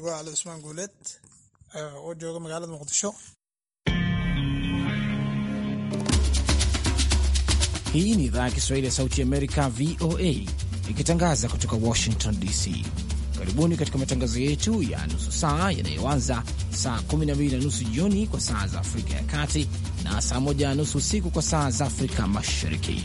waa Cali Cusmaan Guuleed uh, oo jooga magaalada Muqdisho. Hii ni idhaa ya Kiswahili ya Sauti Amerika, VOA, ikitangaza kutoka Washington DC. Karibuni katika matangazo yetu ya nusu saa yanayoanza saa 12 na nusu jioni kwa saa za Afrika ya Kati na saa 1 na nusu usiku kwa saa za Afrika Mashariki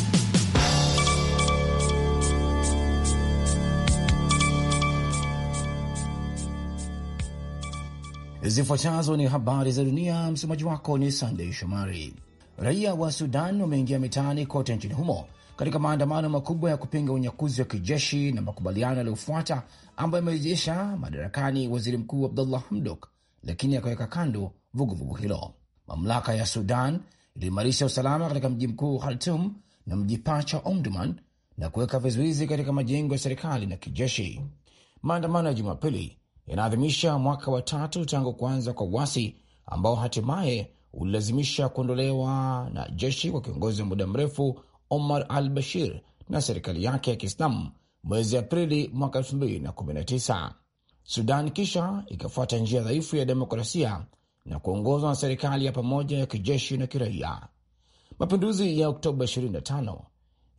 Zifuatazo ni habari za dunia, msemaji wako ni Sandei Shomari. Raia wa Sudan wameingia mitaani kote nchini humo katika maandamano makubwa ya kupinga unyakuzi wa kijeshi na makubaliano yaliyofuata ambayo yamerejesha madarakani waziri mkuu Abdullah Hamdok, lakini akaweka kando vuguvugu hilo. Mamlaka ya Sudan iliimarisha usalama katika mji mkuu Khartum na mji pacha Omdurman na kuweka vizuizi katika majengo ya serikali na kijeshi. Maandamano ya Jumapili yanaadhimisha mwaka wa tatu tangu kuanza kwa uasi ambao hatimaye ulilazimisha kuondolewa na jeshi kwa kiongozi wa muda mrefu Omar al Bashir na serikali yake ya Kiislamu mwezi Aprili mwaka 2019. Sudan kisha ikafuata njia dhaifu ya demokrasia na kuongozwa na serikali ya pamoja ya kijeshi na kiraia. Mapinduzi ya Oktoba 25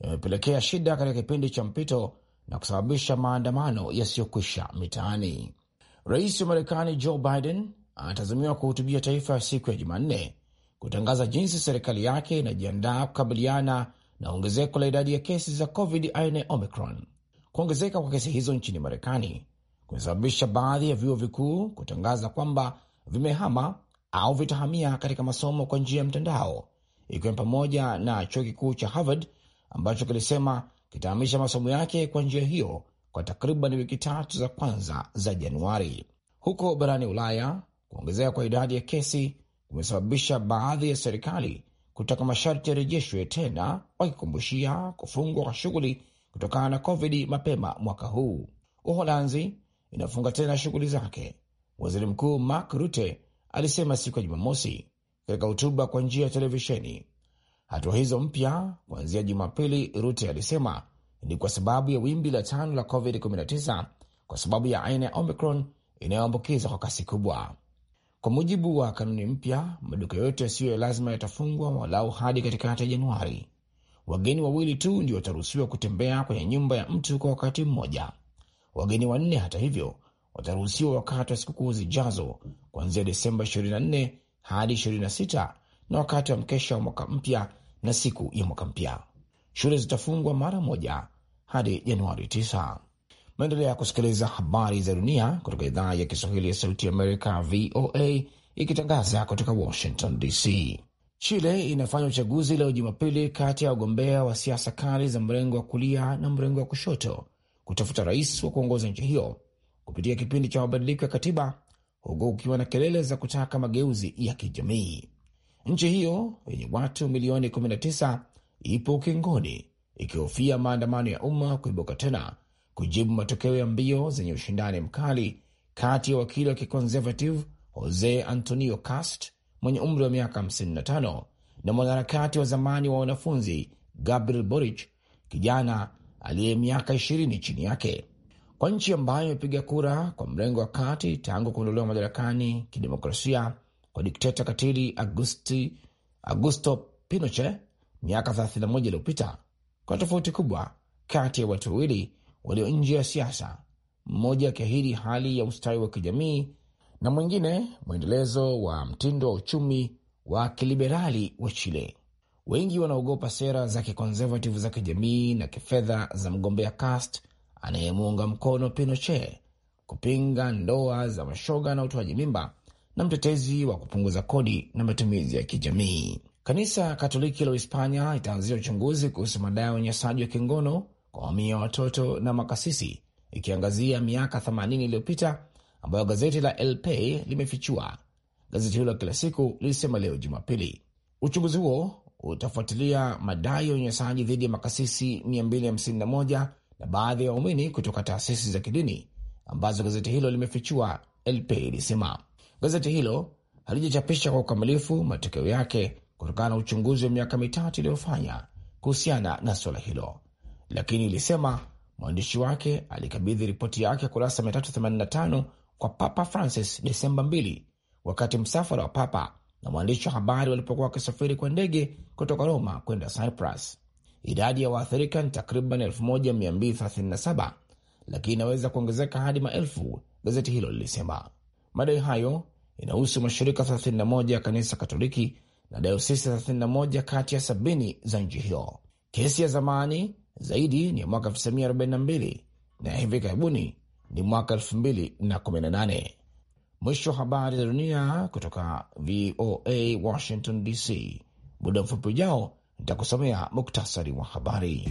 yamepelekea shida katika kipindi cha mpito na kusababisha maandamano yasiyokwisha mitaani. Rais wa Marekani Joe Biden anatazamiwa kuhutubia taifa siku ya Jumanne kutangaza jinsi serikali yake inajiandaa kukabiliana na ongezeko la idadi ya kesi za COVID aina ya Omicron. Kuongezeka kwa kesi hizo nchini Marekani kumesababisha baadhi ya vyuo vikuu kutangaza kwamba vimehama au vitahamia katika masomo kwa njia ya mtandao, ikiwa ni pamoja na chuo kikuu cha Harvard ambacho kilisema kitahamisha masomo yake kwa njia hiyo kwa takriban wiki tatu za kwanza za Januari. Huko barani Ulaya, kuongezeka kwa idadi ya kesi kumesababisha baadhi ya serikali kutaka masharti yarejeshwe tena, wakikumbushia kufungwa kwa shughuli kutokana na COVID mapema mwaka huu. Uholanzi inafunga tena shughuli zake, waziri mkuu Mark Rutte alisema siku ya Jumamosi katika hotuba kwa njia ya televisheni. Hatua hizo mpya kuanzia Jumapili, Rutte alisema ni kwa sababu ya wimbi la tano la COVID-19 kwa sababu ya aina ya Omicron inayoambukiza kwa kasi kubwa. Kwa mujibu wa kanuni mpya, maduka yote yasiyo ya lazima yatafungwa walau hadi katikati ya Januari. Wageni wawili tu ndio wataruhusiwa kutembea kwenye nyumba ya mtu kwa wakati mmoja. Wageni wanne, hata hivyo, wataruhusiwa wakati wa sikukuu zijazo kuanzia Desemba 24 hadi 26 na wakati wa mkesha wa mwaka mpya na siku ya mwaka mpya. Shule zitafungwa mara moja hadi Januari 9. Maendelea kusikiliza habari za dunia kutoka idhaa ya Kiswahili ya Sauti Amerika, VOA, ikitangaza kutoka Washington DC. Chile inafanya uchaguzi leo Jumapili kati ya wagombea wa siasa kali za mrengo wa kulia na mrengo wa kushoto kutafuta rais wa kuongoza nchi hiyo kupitia kipindi cha mabadiliko ya katiba, huku kukiwa na kelele za kutaka mageuzi ya kijamii. Nchi hiyo yenye watu milioni 19 ipo ukingoni ikihofia maandamano ya umma kuibuka tena kujibu matokeo ya mbio zenye ushindani mkali kati ya wakili wa kiconservative Jose Antonio Cast mwenye umri wa miaka 55 na mwanaharakati wa zamani wa wanafunzi Gabriel Boric, kijana aliye miaka 20 chini yake. Kwa nchi ambayo imepiga kura kwa mrengo wa kati tangu kuondolewa madarakani kidemokrasia kwa dikteta katili Augusti, Augusto Pinochet miaka 31 iliyopita, kuna tofauti kubwa kati ya watu wawili walio nje ya siasa, mmoja akiahidi hali ya ustawi wa kijamii na mwingine mwendelezo wa mtindo wa uchumi wa kiliberali wa Chile. Wengi wanaogopa sera za kikonservative za kijamii na kifedha za mgombea Cast anayemuunga mkono Pinochet, kupinga ndoa za mashoga na utoaji mimba, na mtetezi wa kupunguza kodi na matumizi ya kijamii. Kanisa Katoliki la Uhispania itaanzia uchunguzi kuhusu madai ya unyanyasaji wa kingono kwa mamia ya watoto na makasisi, ikiangazia miaka 80 iliyopita ambayo gazeti la LP limefichua. Gazeti hilo kila siku lilisema leo Jumapili uchunguzi huo utafuatilia madai ya unyanyasaji dhidi ya makasisi 251 na baadhi ya wa waumini kutoka taasisi za kidini ambazo gazeti hilo limefichua. LP ilisema gazeti hilo halijachapisha kwa ukamilifu matokeo yake kutokana na uchunguzi wa miaka mitatu iliyofanya kuhusiana na suala hilo, lakini ilisema mwandishi wake alikabidhi ripoti yake ya kurasa 385 kwa Papa Francis Desemba 2 wakati msafara wa Papa na mwandishi wa habari walipokuwa wakisafiri kwa ndege kutoka Roma kwenda Cyprus. Idadi ya waathirika ni takriban 1237 lakini inaweza kuongezeka hadi maelfu, gazeti hilo lilisema. Madai hayo inahusu mashirika 31 ya kanisa Katoliki na dayosisi 31 kati ya 70 za nchi hiyo. Kesi ya zamani zaidi ni ya mwaka 1942 na ya hivi karibuni ni mwaka 2018. Mwisho wa habari za dunia kutoka VOA Washington DC. Muda mfupi ujao nitakusomea muktasari wa habari.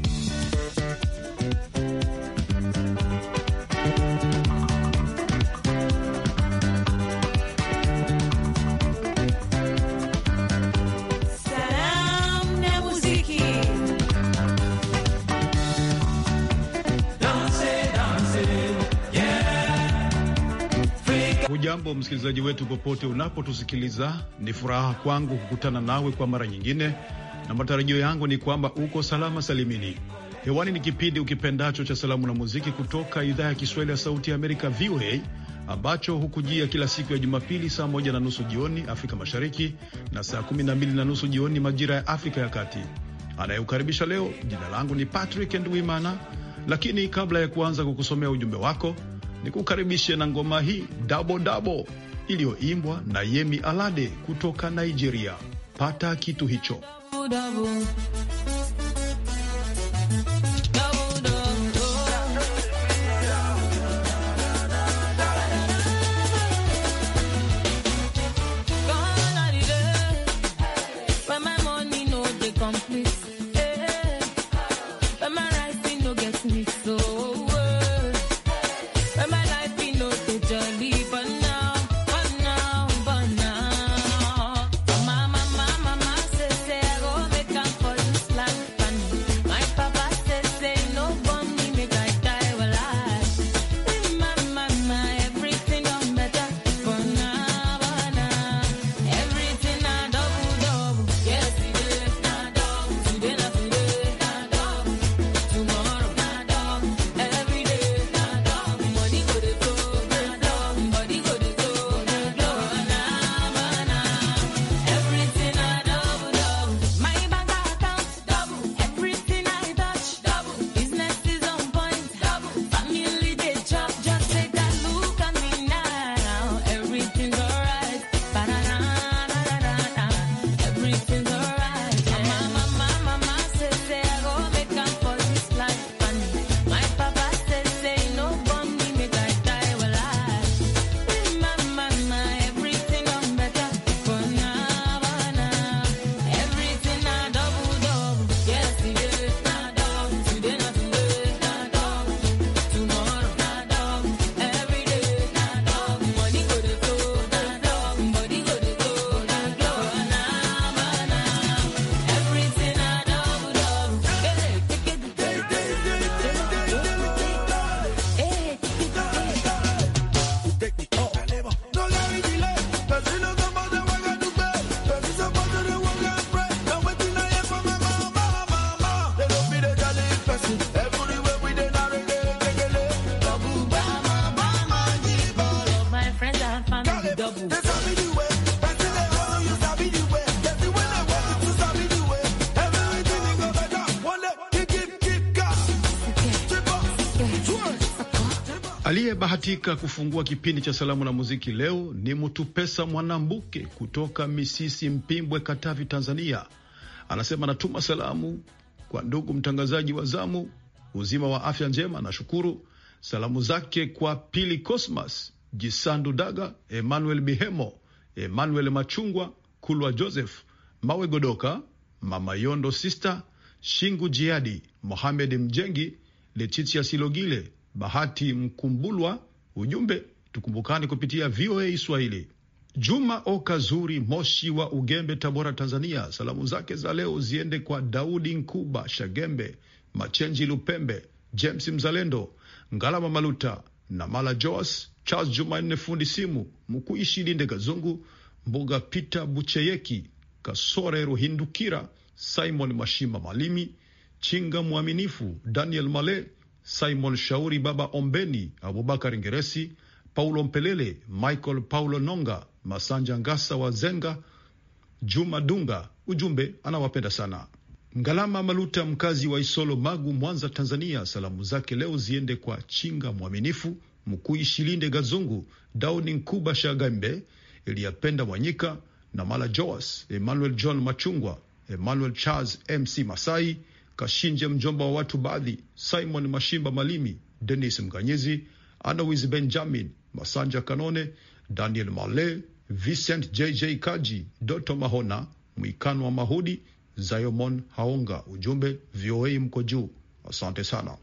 Hujambo msikilizaji wetu popote unapotusikiliza, ni furaha kwangu kukutana nawe kwa mara nyingine, na matarajio yangu ni kwamba uko salama salimini. Hewani ni kipindi ukipendacho cha salamu na muziki kutoka idhaa ya Kiswahili ya Sauti ya Amerika, VOA, ambacho hukujia kila siku ya Jumapili saa moja na nusu jioni Afrika Mashariki na saa kumi na mbili na nusu jioni majira ya Afrika ya Kati. Anayeukaribisha leo, jina langu ni Patrick Ndwimana, lakini kabla ya kuanza kukusomea ujumbe wako Nikukaribishe na ngoma hii dabo dabo iliyoimbwa na Yemi Alade kutoka Nigeria. Pata kitu hicho dabo, dabo. Aliyebahatika kufungua kipindi cha salamu na muziki leo ni Mutupesa Mwanambuke kutoka Misisi Mpimbwe, Katavi, Tanzania. Anasema anatuma salamu kwa ndugu mtangazaji wa zamu, uzima wa afya njema, nashukuru. Salamu zake kwa Pili Cosmas Jisandu Daga, Emmanuel Bihemo, Emmanuel Machungwa, Kulwa Joseph, Mawe Godoka, Mama Yondo, Sister Shingu, Jiadi Mohamed Mjengi, Letitia Silogile Bahati Mkumbulwa, ujumbe tukumbukani kupitia VOA Swahili. Juma oka zuri Moshi wa Ugembe, Tabora, Tanzania, salamu zake za leo ziende kwa Daudi Nkuba Shagembe, Machenji Lupembe, James Mzalendo, Ngalama Maluta na Mala Joas, Charles Jumanne fundi simu, Mkuishi Linde Gazungu, Mbuga Peter Bucheyeki, Kasore Ruhindukira, Simon Mashima Malimi, Chinga Mwaminifu, Daniel Male Simon Shauri, Baba Ombeni, Abubakar Ngeresi, Paulo Mpelele, Michael Paulo Nonga, Masanja Ngasa wa Zenga, Juma Dunga. Ujumbe anawapenda sana. Ngalama Maluta, mkazi wa Isolo, Magu, Mwanza, Tanzania, salamu zake leo ziende kwa Chinga Mwaminifu, Mkui Shilinde, Gazungu Downing, Kuba Shagambe, Iliyapenda Mwanyika na Mala Joas, Emmanuel John Machungwa, Emmanuel Charles, MC Masai, Kashinje, mjomba wa watu baadhi, Simon Mashimba Malimi, Denis Mganyezi, Anawis Benjamin, Masanja Kanone, Daniel Male, Vincent JJ Kaji, Doto Mahona, Mwikano wa Mahudi, Zayomon Haonga. Ujumbe VOA mko juu, asante sana.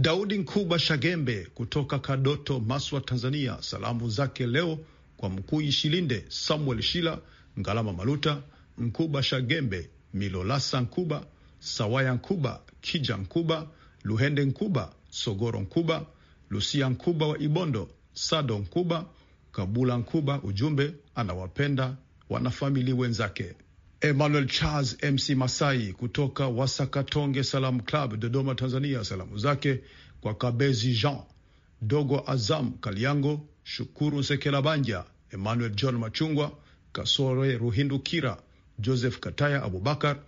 Daudi Nkuba Shagembe kutoka Kadoto, Maswa, Tanzania, salamu zake leo kwa Mkuu Ishilinde Samuel Shila, Ngalama Maluta, Nkuba Shagembe, Milolasa Nkuba, Sawaya Nkuba, Kija Nkuba, Luhende Nkuba, Sogoro Nkuba, Lusia Nkuba wa Ibondo, Sado Nkuba, Kabula Nkuba. Ujumbe anawapenda wanafamili wenzake. Emmanuel Charles MC Masai kutoka Wasakatonge Salamu Club, Dodoma, Tanzania. Salamu zake kwa Kabezi Jean Dogo, Azam Kaliango, Shukuru Banja, Emmanuel John Machungwa, Kasore Kira, Joseph Kataya Abubakar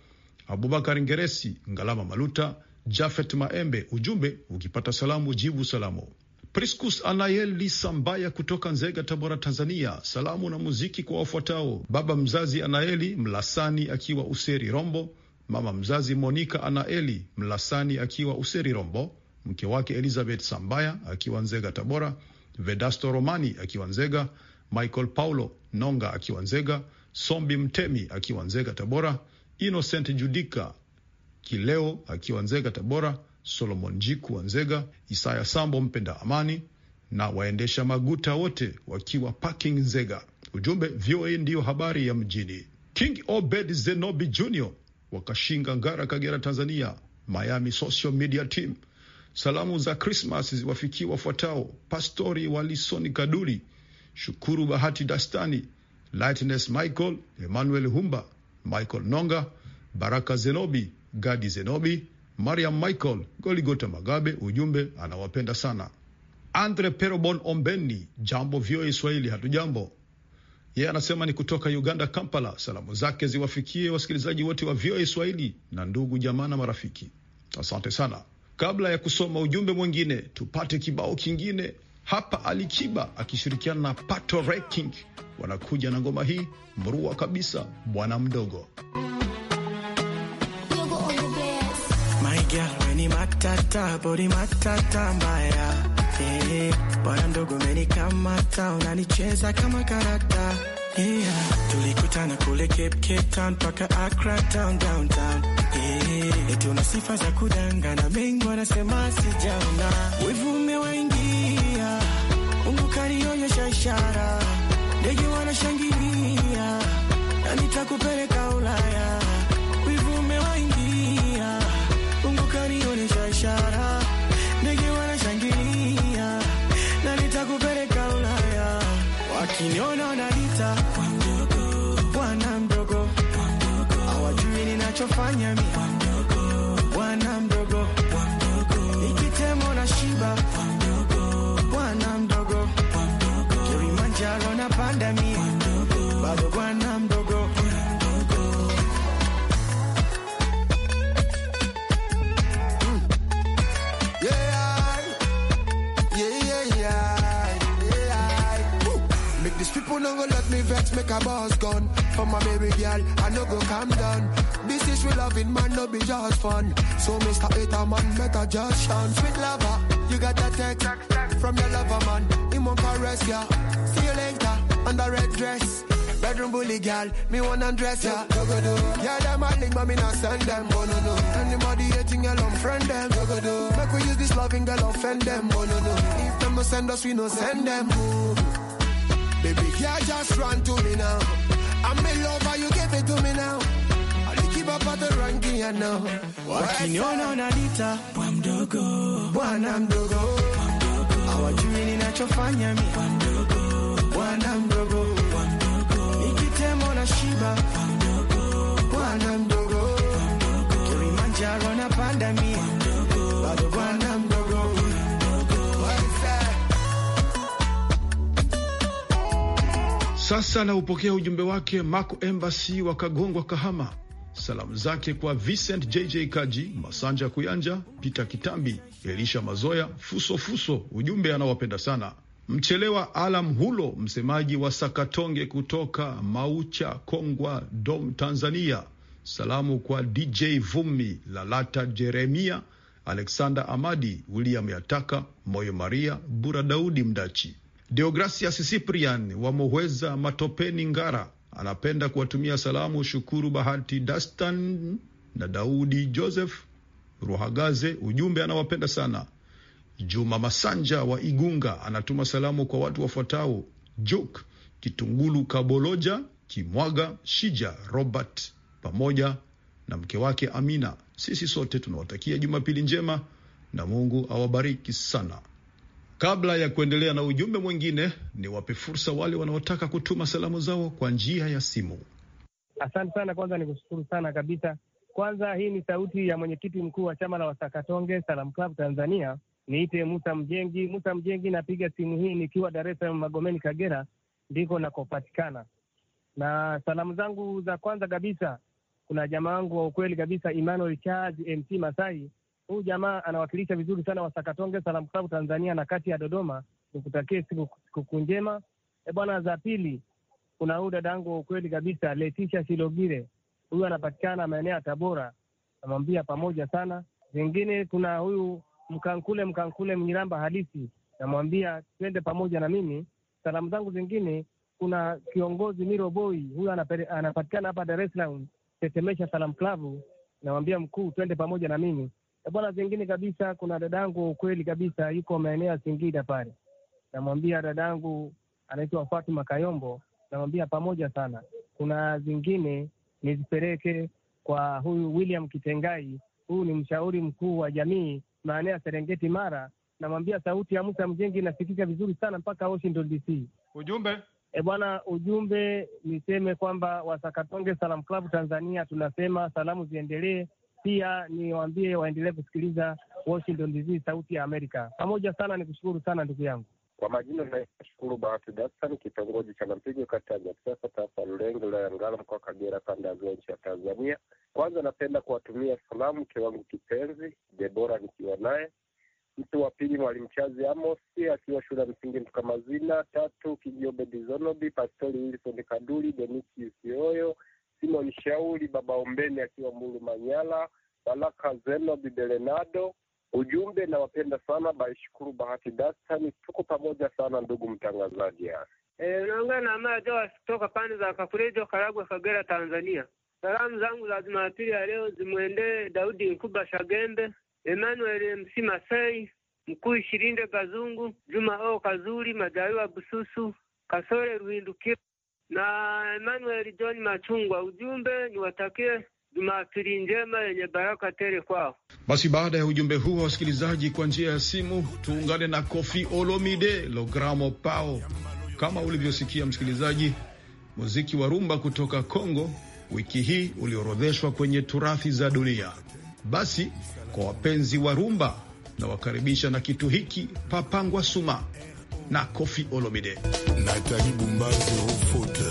Abubakar Ngeresi, Ngalama Maluta, Jafet Maembe. Ujumbe, ukipata salamu jibu salamu. Priscus Anayel Lisambaya kutoka Nzega, Tabora, Tanzania. Salamu na muziki kwa wafuatao: baba mzazi Anaeli Mlasani akiwa Useri Rombo, mama mzazi Monika Anaeli Mlasani akiwa Useri Rombo, mke wake Elizabeth Sambaya akiwa Nzega, Tabora, Vedasto Romani akiwa Nzega, Michael Paulo Nonga akiwa Nzega, Sombi Mtemi akiwa Nzega, Tabora, Innocent Judika Kileo akiwa Nzega, Tabora, Solomon jiku wa Nzega, Isaya Sambo mpenda amani na waendesha maguta wote wakiwa parking Nzega. Ujumbe VOA ndiyo habari ya mjini. King Obed Zenobi Jr wakashinga Ngara, Kagera, Tanzania. Miami Social Media Team, salamu za Krismas ziwafikie wafuatao: Pastori Walisoni Kaduli, Shukuru Bahati, Dastani Lightness, Michael Emmanuel Humba, Michael Nonga, Baraka Zenobi, Gadi Zenobi, Mariam Michael, Goligota Magabe. Ujumbe anawapenda sana. Andre Perobon Ombeni, jambo vyoe Swahili, hatujambo. Yeye anasema ni kutoka Uganda, Kampala. Salamu zake ziwafikie wasikilizaji wote wa VOA Swahili na ndugu jamaa na marafiki. Asante sana. Kabla ya kusoma ujumbe mwingine, tupate kibao kingine. Hapa Alikiba akishirikiana na Pato Reking wanakuja na ngoma hii mrua kabisa, bwana mdogo Bwana mdogo unanicheza kama yeah. Tulikutana kule Cape, Cape Town Accra town downtown yeah. Eti una sifa za mengi wanasema sijaona wivu biashara, ndege wanashangilia, na nitakupeleka Ulaya, wivu umewaingia, kumbuka nionyesha ishara, ndege wanashangilia, na nitakupeleka Ulaya wakiniona So Mr. Hater man, make a just chance. Sweet lover, you got that text from your lover man. He won't caress ya. See you later on the red dress. Bedroom bully girl, me wanna undress ya. Yeah, them a link, but me not send them. Oh no no. Anybody hating, girl, unfriend them. Make we use this loving girl, offend them. Oh no no. If them no send us, we no send them. Baby, yeah, just run to me now. I'm in love, you give it to me now. mapigano, wakiniona wananiita bwa mdogo, bwana mdogo, hawajui ninachofanya mi bwa mdogo, bwana mdogo, nikitemo na shiba bwana mdogo, Kilimanjaro napanda mimi bado bwana mdogo. Sasa naupokea ujumbe wake Mako Embassy wa Kagongwa, Kahama. Salamu zake kwa Vincent JJ Kaji, Masanja Kuyanja, Peter Kitambi, Elisha Mazoya, Fuso Fuso. Ujumbe anawapenda sana. Mchelewa Alam Hulo, msemaji wa Sakatonge kutoka Maucha, Kongwa Dom, Tanzania. Salamu kwa DJ Vumi, Lalata Jeremia, Alexander Amadi, William Yataka, Moyo Maria, Bura Daudi Mdachi, Deogracias Cyprian wa Matopeni Ngara, anapenda kuwatumia salamu Shukuru Bahati Dastan na Daudi Joseph Ruhagaze. Ujumbe anawapenda sana. Juma Masanja wa Igunga anatuma salamu kwa watu wafuatao: Juk Kitungulu, Kaboloja Kimwaga, Shija Robert pamoja na mke wake Amina. Sisi sote tunawatakia Jumapili njema na Mungu awabariki sana. Kabla ya kuendelea na ujumbe mwingine, ni wape fursa wale wanaotaka kutuma salamu zao kwa njia ya simu. Asante sana, kwanza ni kushukuru sana kabisa. Kwanza hii ni sauti ya mwenyekiti mkuu wa chama la Wasakatonge Salam Club Tanzania. Niite Musa Mjengi. Musa Mjengi, napiga simu hii nikiwa Dar es Salaam, Magomeni, Kagera ndiko nakopatikana. Na salamu zangu za kwanza kabisa, kuna jamaa wangu wa ukweli kabisa Emmanuel Charge MC Masai Huyu jamaa anawakilisha vizuri sana Wasakatonge Salam Club Tanzania na kati ya Dodoma. Nikutakie sikukuu njema e bwana. Za pili kuna huyu dadangu ukweli kabisa Letisha Shilogire, huyu anapatikana maeneo ya Tabora, namwambia pamoja sana. Zingine kuna huyu Mkankule Mkankule Mnyiramba halisi, namwambia twende pamoja na mimi. Salamu zangu zingine kuna kiongozi miroboi huyu anapatikana hapa Dar es Salaam, Tetemesha Salam Club, namwambia mkuu, twende pamoja na mimi Eh, bwana. Zingine kabisa, kuna dadangu kweli kabisa, yuko maeneo ya Singida pale, namwambia dadangu anaitwa Fatuma Kayombo, namwambia pamoja sana, kuna zingine nizipeleke kwa huyu William Kitengai, huyu ni mshauri mkuu wa jamii maeneo ya Serengeti Mara, namwambia sauti ya Musa Mjengi inasikika vizuri sana mpaka Washington DC. Ujumbe e bwana, ujumbe niseme kwamba Wasakatonge Salam Club Tanzania tunasema salamu ziendelee pia niwaambie waendelee kusikiliza Washington DC, Sauti ya Amerika. Pamoja sana, nikushukuru sana ndugu yangu. Kwa majina nashukuru Bahati Dastan, kitongoji cha Nampigo, kata ya Kisasa, tarafa Rulenge, wilaya ya Ngara, mkoa wa Kagera, kanda ya nchi ya Tanzania. Kwanza napenda kuwatumia salamu mke wangu kipenzi Debora nikiwa naye mtu wa pili Mwalimu Chazi Amosi akiwa shule ya msingi Mtukamazina, tatu Kijiobe Dizonobi, Pastori Wilson Kaduli, Denisi Usioyo, Simon Shauri, Baba Ombeni akiwa Mulu Manyala, Baraka Zeno Bibelenado. Ujumbe, nawapenda sana Baishukuru Bahati Dastani, tuko pamoja sana ndugu mtangazaji. E, naongea na Majoa kutoka pande za Kakurejo, Karagwe, Kagera, Tanzania. Salamu zangu za Jumapili ya leo zimwendee Daudi Nkuba Shagembe, Emmanuel MC Masai, Mkuu Ishirinde Kazungu, Juma O Kazuri, Majaliwa Bususu, Kasore Ruhindukira na Emmanuel John Machungwa. Ujumbe niwatakie Jumapili njema yenye baraka tele kwao. Basi baada ya ujumbe huo, wasikilizaji, kwa njia ya simu tuungane na Kofi Olomide Logramo Pao. Kama ulivyosikia msikilizaji, muziki wa rumba kutoka Kongo wiki hii uliorodheshwa kwenye turathi za dunia. Basi kwa wapenzi wa rumba nawakaribisha na kitu hiki papangwa suma na kofi olomide natali bumba zero faute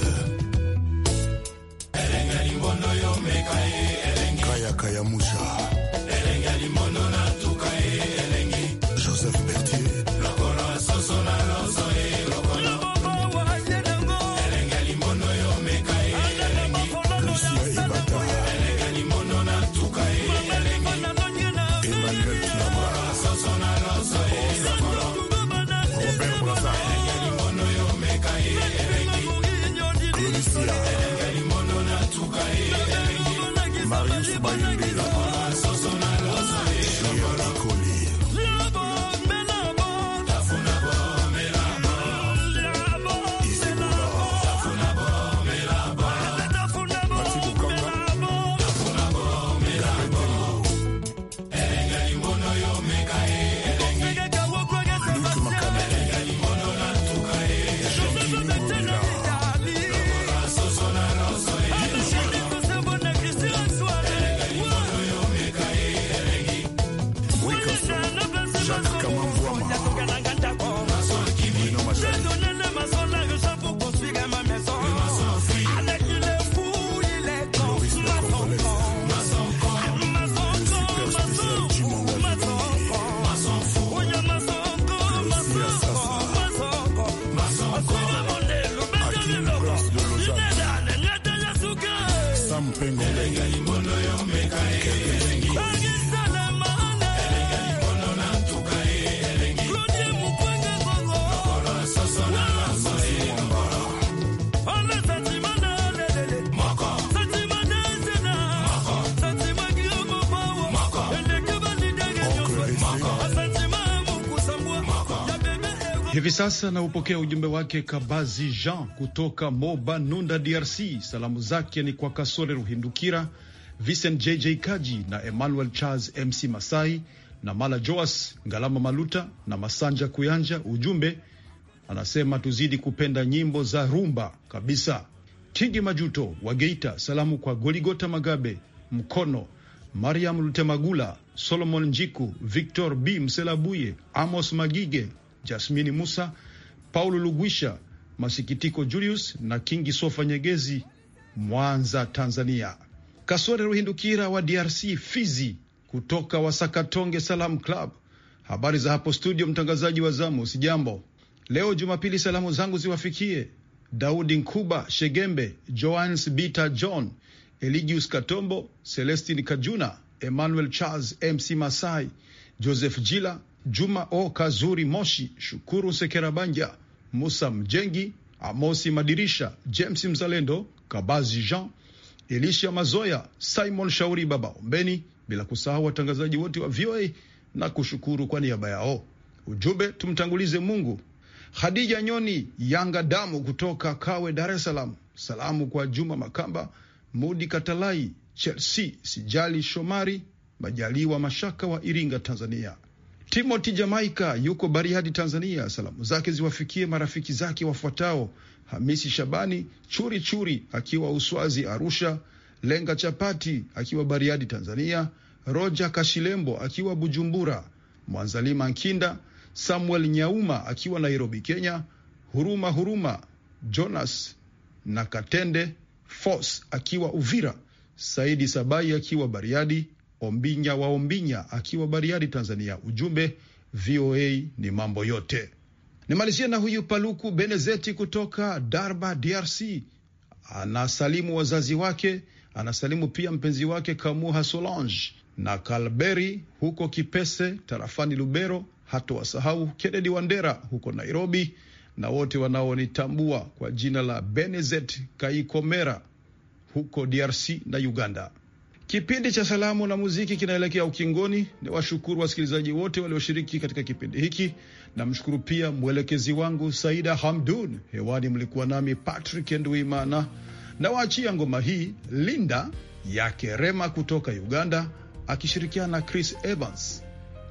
elenga limbondo yomeka ye Alicia. sasa naupokea ujumbe wake Kabazi Jean kutoka Moba Nunda, DRC. Salamu zake ni kwa Kasore Ruhindukira, Vincent JJ Kaji na Emmanuel Charles MC Masai na Mala Joas Ngalama Maluta na Masanja Kuyanja. Ujumbe anasema tuzidi kupenda nyimbo za rumba kabisa. Kingi Majuto wa Geita, salamu kwa Goligota Magabe Mkono, Mariam Lutemagula, Solomon Njiku, Victor B Mselabuye, Amos Magige Jasmini Musa, Paulo Lugwisha, Masikitiko Julius na Kingi Sofa Nyegezi, Mwanza, Tanzania. Kasore Ruhindukira wa DRC, Fizi, kutoka Wasakatonge Salam Club. Habari za hapo studio, mtangazaji wa zamu, sijambo. Leo Jumapili, salamu zangu ziwafikie Daudi Nkuba Shegembe, Joans Bita, John Eligius Katombo, Celestin Kajuna, Emmanuel Charles, MC Masai, Joseph Jila, Juma O Kazuri Moshi, Shukuru Sekerabanja, Musa Mjengi, Amosi Madirisha, James Mzalendo, Kabazi Jean, Elisha Mazoya, Simon Shauri, Baba Ombeni, bila kusahau watangazaji wote wa VOA na kushukuru kwa niaba yao. Ujumbe tumtangulize Mungu. Hadija Nyoni Yanga Damu kutoka Kawe, Dar es Salaam. Salamu kwa Juma Makamba, Mudi Katalai, Chelsea Sijali, Shomari Majaliwa Mashaka wa Iringa, Tanzania. Timothy Jamaika yuko Bariadi, Tanzania. Salamu zake ziwafikie marafiki zake wafuatao: Hamisi Shabani Churi Churi akiwa Uswazi Arusha, Lenga Chapati akiwa Bariadi, Tanzania, Roja Kashilembo akiwa Bujumbura, Mwanzalima Nkinda, Samuel Nyauma akiwa Nairobi, Kenya, Huruma Huruma, Jonas na Katende Fos akiwa Uvira, Saidi Sabai akiwa Bariadi, Ombinya wa Ombinya akiwa Bariadi, Tanzania. Ujumbe VOA ni mambo yote. Nimalizie na huyu Paluku Benezeti kutoka Darba, DRC. Anasalimu wazazi wake, anasalimu pia mpenzi wake Kamuha Solange na Kalberi huko Kipese tarafani Lubero. hata wasahau Kennedy Wandera huko Nairobi na wote wanaonitambua kwa jina la Benezet Kaikomera huko DRC na Uganda. Kipindi cha salamu na muziki kinaelekea ukingoni. Ni washukuru wasikilizaji wote walioshiriki katika kipindi hiki. Namshukuru pia mwelekezi wangu Saida Hamdun. Hewani mlikuwa nami Patrick Nduimana, na ngoma hii Linda yake Rema kutoka Uganda akishirikiana na Chris Evans.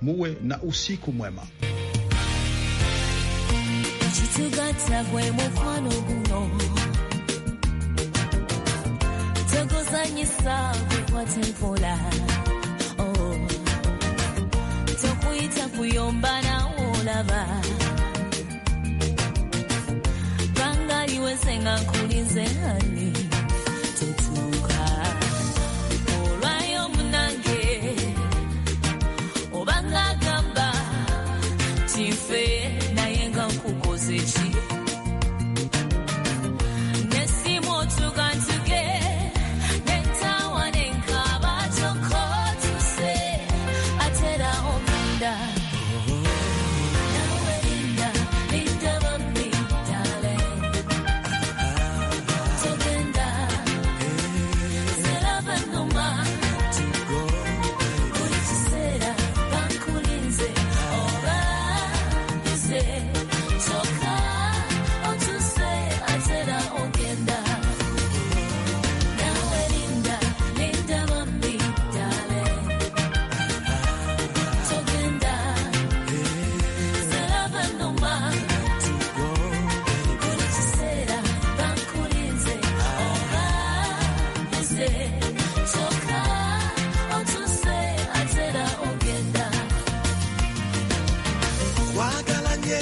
Muwe na usiku mwema. tokozanye sago kwa tempola oh tokuyita kuyomba na olaba bangaliweze nga nkulinze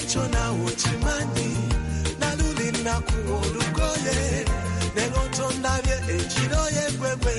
Chona na uchimanyi naluli nnakuwa olugoye ne lwotonabye ekiro yeggwegwe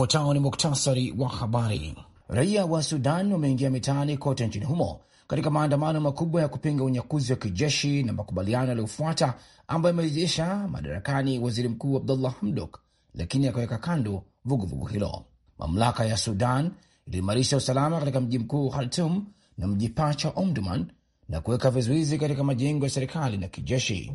Ufuatao ni muktasari wa habari. Raia wa Sudan wameingia mitaani kote nchini humo katika maandamano makubwa ya kupinga unyakuzi wa kijeshi na makubaliano yaliyofuata ambayo yamerejesha madarakani waziri mkuu Abdullah Hamdok, lakini akaweka kando vuguvugu hilo. Mamlaka ya Sudan iliimarisha usalama katika mji mkuu Khartum na mji pacha Omdurman na kuweka vizuizi katika majengo ya serikali na kijeshi.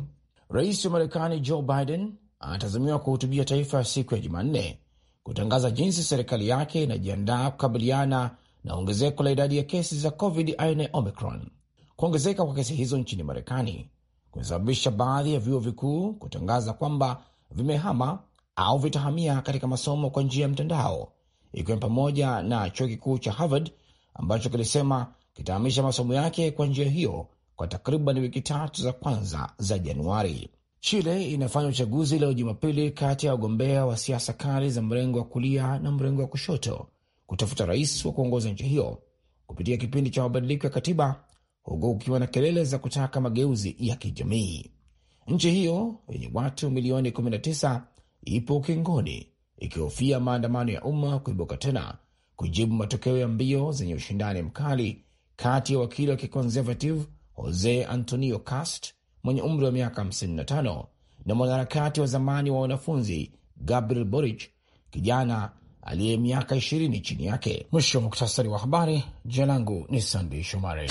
Rais wa Marekani Joe Biden anatazamiwa kuhutubia taifa siku ya Jumanne kutangaza jinsi serikali yake inajiandaa kukabiliana na ongezeko la idadi ya kesi za COVID aina ya Omicron. Kuongezeka kwa kesi hizo nchini Marekani kumesababisha baadhi ya vyuo vikuu kutangaza kwamba vimehama au vitahamia katika masomo kwa njia ya mtandao, ikiwa ni pamoja na chuo kikuu cha Harvard ambacho kilisema kitahamisha masomo yake kwa njia hiyo kwa takriban wiki tatu za kwanza za Januari. Chile inafanya uchaguzi leo Jumapili kati ya wagombea wa siasa kali za mrengo wa kulia na mrengo wa kushoto kutafuta rais wa kuongoza nchi hiyo kupitia kipindi cha mabadiliko ya katiba, huku kukiwa na kelele za kutaka mageuzi ya kijamii. Nchi hiyo yenye watu milioni 19 ipo ukingoni, ikihofia maandamano ya umma kuibuka tena kujibu matokeo ya mbio zenye ushindani mkali kati ya wakili wa kiconservative Jose Antonio Cast mwenye umri wa miaka 55 na mwanaharakati wa zamani wa wanafunzi Gabriel Boric, kijana aliye miaka 20 chini yake. Mwisho wa muktasari wa habari. Jina langu ni sandey Shomari.